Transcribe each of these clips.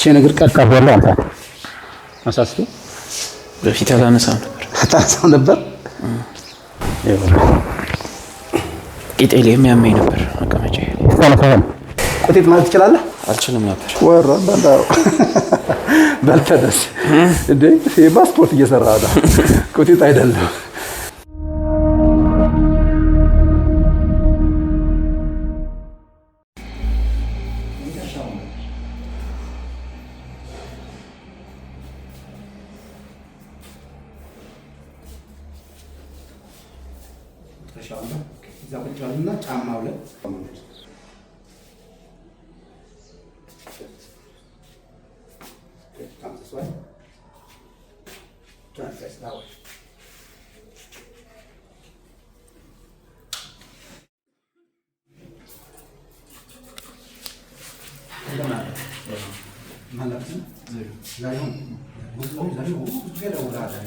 ቼ ነገር ቀርቀር ያለው አንተ አሳስቶ በፊት አላነሳም ነበር አታነሳም ነበር። ቂጤል የሚያመኝ ነበር መቀመጫ ቆቴት ማለት ትችላለህ። አልችልም ነበር ወራ ባንዳ በልተህ ደስ እንደ እየሰራ ነው። ቆቴት አይደለም እከፍቸዋለሁ። እዛ ቁጭ በሉና ጫማው ላይ ማለት ነው ዛሬ ሆ ዛሬ ሆ ገደውራ ዛሬ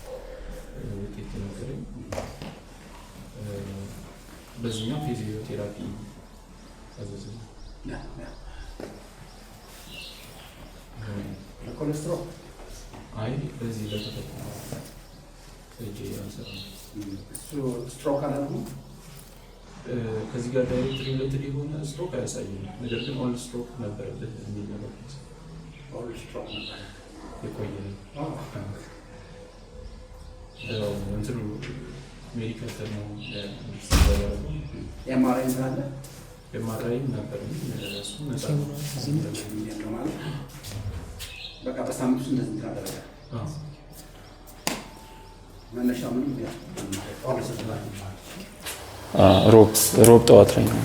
ውጤት ተመክረኝ በዚህኛው ፊዚዮቴራፒ ታዘዘ። ለኮሌስትሮ አይ በዚህ ለተፈጠ እጅ ያልሰራ ስትሮክ አላልኩ። ከዚህ ጋር ዳይሬክት ሪሌትድ የሆነ ስትሮክ አያሳይም፣ ነገር ግን ኦል ስትሮክ ነበረበት የሚል ነገር ኦል ስትሮክ ነበረ የቆየ እንትኑ ሜዲካል ኤምአርአይ ስላለ ኤምአርአይ ነበር ማለት በቃ እንደዚህ ታደረገ መነሻ ምንም ሮብ ጠዋት ላይ ነው።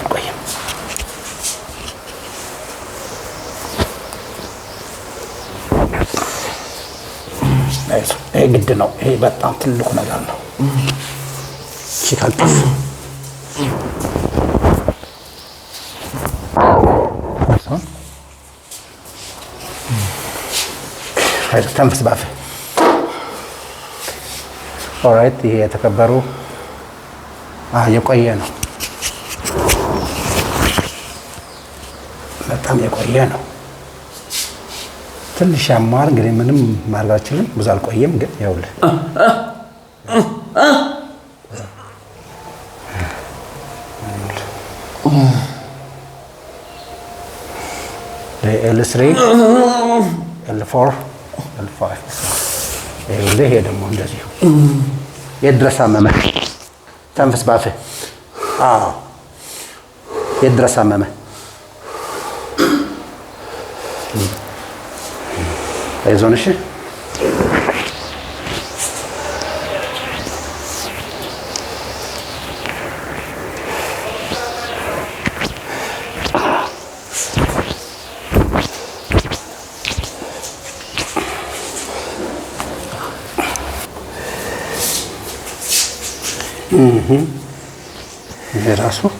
አንቆይም። ይሄ ግድ ነው። ይሄ በጣም ትልቁ ነገር ነው። ሲካልጠፍ ተንፍስ ባፍ ኦራይት። ይሄ የተከበሩ የቆየ ነው። በጣም የቆየ ነው። ትንሽ ያሟር እንግዲህ ምንም ማድረግ አልችልም። ብዙ አልቆየም፣ ግን ያውል ኤል ስሪ ኤል ፎር ኤል ፋይቭ ይሄ ደግሞ እንደዚሁ የት ድረስ አመመህ? ተንፍስ ባፍህ። የት ድረስ አመመህ? Aizona și? Mhm. Uh uhum. -huh. Verasul.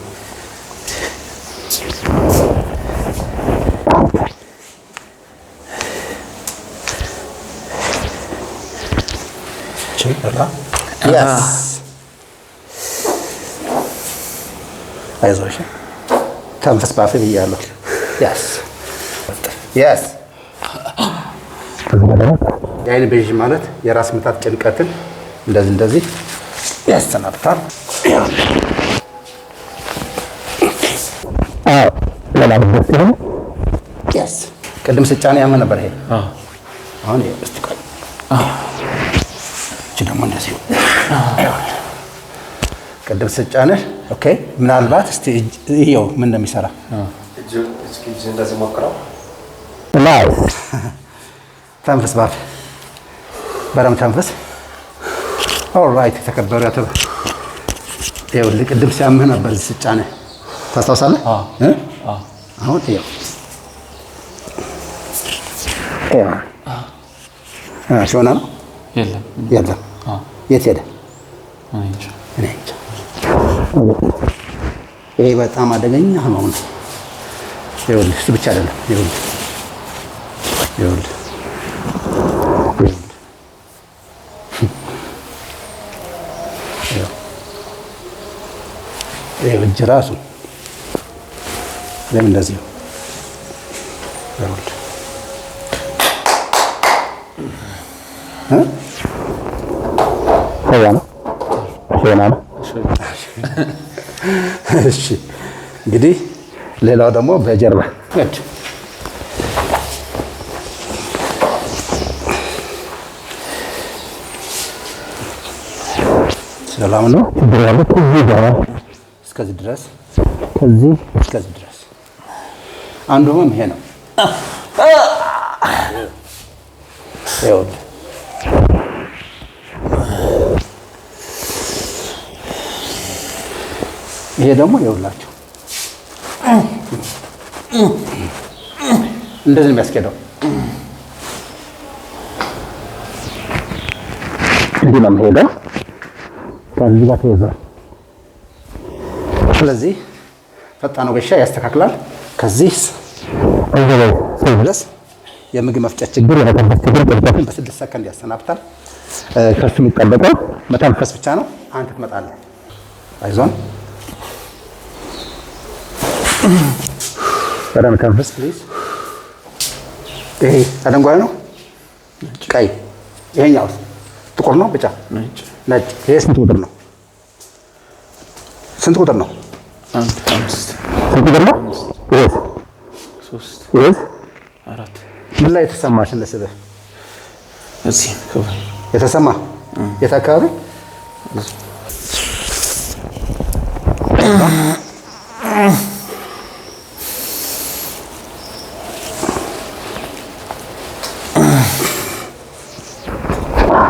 አይዞሽ ተንፈስ ባፍ ብያለሁ። የአይን ቤዥ ማለት የራስ ምታት ጭንቀትን እንደዚህ እንደዚህ ያሰናብታል። ቅድም ስጫኔ ያመ ነበር። ይሄ አሁን ደግሞ እንደዚህ ቅድም ስጫንህ ምናልባት እስኪ ይኸው ምን እንደሚሰራ ተንፍስ፣ ባፍ በረም ተንፍስ። ኦልራይት የተከበሩ ያተ ይኸውልህ ቅድም ሲያምህ ነበር ስጫነ ታስታውሳለህ? አሁን ይኸው ነው የለም የት ሄደ? ይሄ በጣም አደገኛ ህመም ነው። ይኸውልህ እሱ ብቻ አይደለም። ይኸውልህ ይኸውልህ እጅ ራሱ ለምን እንደዚህ ነው? ገና እሺ እንግዲህ ሌላው ደግሞ በጀርባ ሰላም ነው። እስከዚህ ድረስ ከዚህ እስከዚህ ድረስ አንዱ ህመም ይሄ ነው። ይሄ ደግሞ የሁላችሁ እንደዚህ ነው የሚያስኬደው። እንዲህ ነው የሚሄደው። ከዚህ ጋር ተይዟል። ስለዚህ ፈጣን ወገሻ ያስተካክላል። ከዚህ ድረስ የምግብ መፍጫ ችግር የመተንፈስ ችግር ጥብጠትን በስድስት ሰከንድ ያሰናብታል። ከሱ የሚጠበቀው መተንፈስ ብቻ ነው። አንተ ትመጣለህ። አይዞን በደንብ ተንፍስ ፕሊዝ። ይሄ አደንጓይ ነው፣ ቀይ። ይሄኛው ጥቁር ነው፣ ብጫ፣ ነጭ። ይሄ ስንት ቁጥር ነው? ስንት ቁጥር ነው? ስንት ቁጥር ነው? ምን ላይ የተሰማ ሽለስብህ የተሰማ የት አካባቢ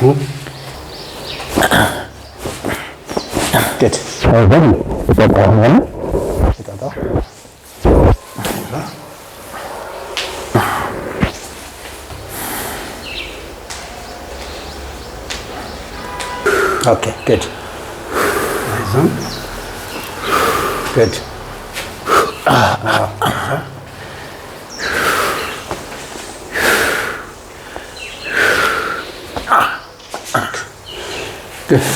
Good. good. Okay, good. Good. Ah. ah. ይህቺን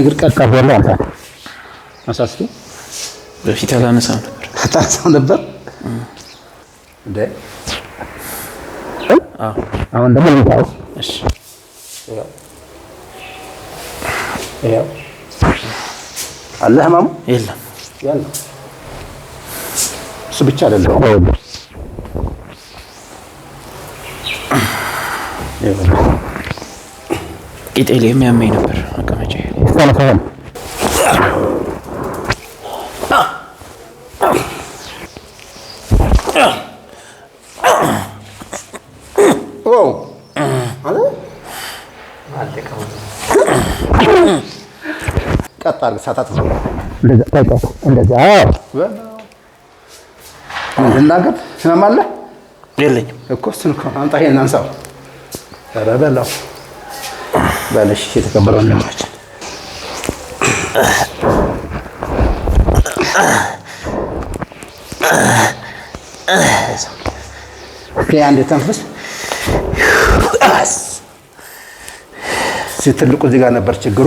እግር ቀጥታ ያለው አንተ አሳስቶ በፊት አላነሳም ነበር አታነሳም ነበር። አሁን ደግሞ ልምታው። እሺ አለህ ማሙ የለም ያለው እሱ ብቻ አይደለም። ቂጤሌ የሚያመኝ ነበር መቀመጫ ቀጥ አድርገህ ሳታት ነው እንደዛ ታይታ እኮ እሱን እኮ አምጣ፣ ይሄን እናንሳው። ኧረ በላው በለሽ የተከበረው እንደማችን አንድ ተንፍስ። ትልቁ እዚህ ጋር ነበር ችግሩ።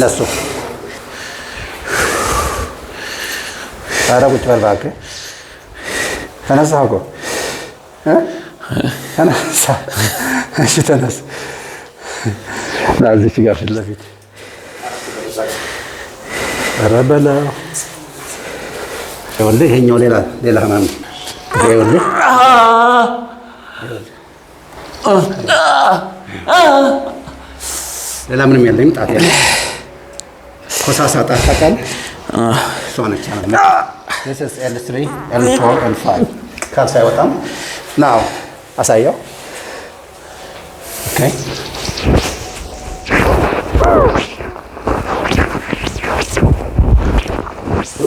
ለሱ ኧረ ቁጭ በል እባክህ። ተነሳህ እኮ ተነሳህ። እሺ ተነስ። እዚች ጋር ፊት ለፊት ኧረ በለው። ይኸውልህ ይሄኛው ሌላ ሌላ ህመም ይኸውልህ ሌላ ምንም የለኝም ጣት ኮሳሳ ጣት ታውቃለህ? አይወጣም። ናው አሳየው። ኦኬ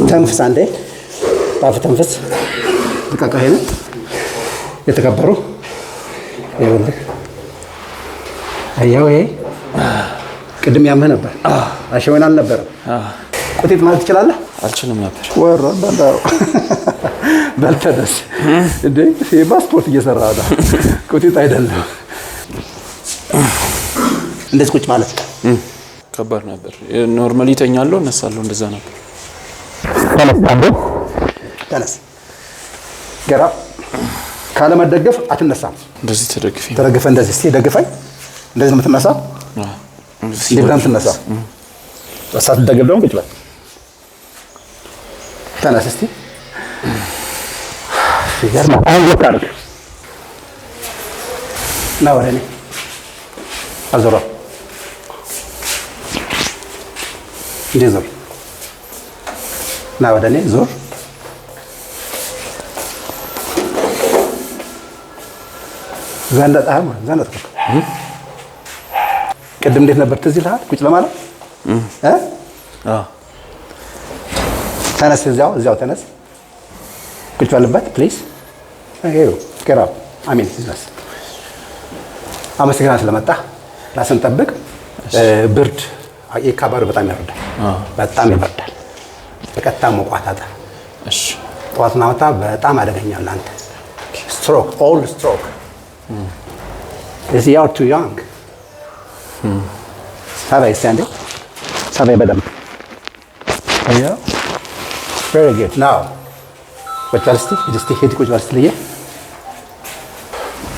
ተንፍስ አንዴ፣ ባፍ ተንፍስ። ልቀቀ። ይሄን የተከበሩ ይሄ ቅድም ነበር፣ አሸወን አልነበረም ቁጢጥ ማለት ትችላለህ? አልችልም ነበር። ወራዳ በልተደስ እንዴ ስፖርት እየሰራ ነው። ቁጢጥ አይደለም። እንደዚህ ቁጭ ማለት ከባድ ነበር። ኖርማሊ ተኛለሁ፣ እነሳለሁ። እንደዛ ነበር። ተነስ ገራ ካለመደገፍ አትነሳም። እንደዚህ ተደግፈኝ፣ ተደግፈ እንደዚህ እስኪ ደግፈኝ። እንደዚህ ነው የምትነሳ። እንደዚህ ነው የምትነሳ? እሳት ልጠገብ ደግሞ ቁጭ በል ተነስ። እስቲ ይገርማል። አሁን ወጥ አድርግ ና ወደ እኔ እንዴ ዞር ና ወደ እኔ ዞር ዛንዳ ጣሃ ቅድም እንዴት ነበር? ትዝ ይልሃል ቁጭ ለማለት ተነስ፣ እዚያው እዚያው ተነስ። ቁጭ በልበት ፕሊዝ። አሜን። አመስግና ስለመጣ ራስን ጠብቅ። ብርድ የካባዶ በጣም ያርዳል፣ በጣም ይበርዳል። በቀጥታ ሞቋት አጠር ጠዋትና ማታ በጣም አደገኛ ለአንተ። ስትሮክ ኦል ስትሮክ ኢዝ ቱ ያንግ ፀባይ በደንብ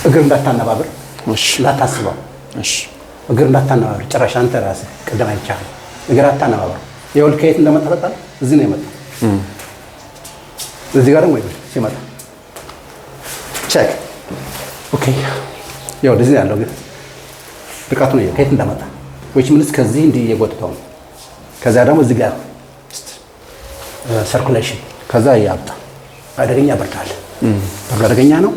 እግር እንዳታነባብር ላታስበው፣ እሺ እግር እንዳታነባብር ጭራሽ አንተ ራስህ ቅድም አይቻለሁ እግር አታነባብር። የውል ከየት እንደመጣ በጣም እዚህ ነው የመጣው። እዚህ ጋር ደግሞ ሲመጣ ቼክ ኦኬ። ያው እዚህ ያለው ግን ርቀቱ ነው ከየት እንደመጣ ወይስ ምንስ ከዚህ እንዲህ እየጎትተው ነው ከዛ ደግሞ እዚህ ጋር ሰርኩሌሽን፣ ከዛ ያብጣ አደገኛ ብርታል አደገኛ ነው።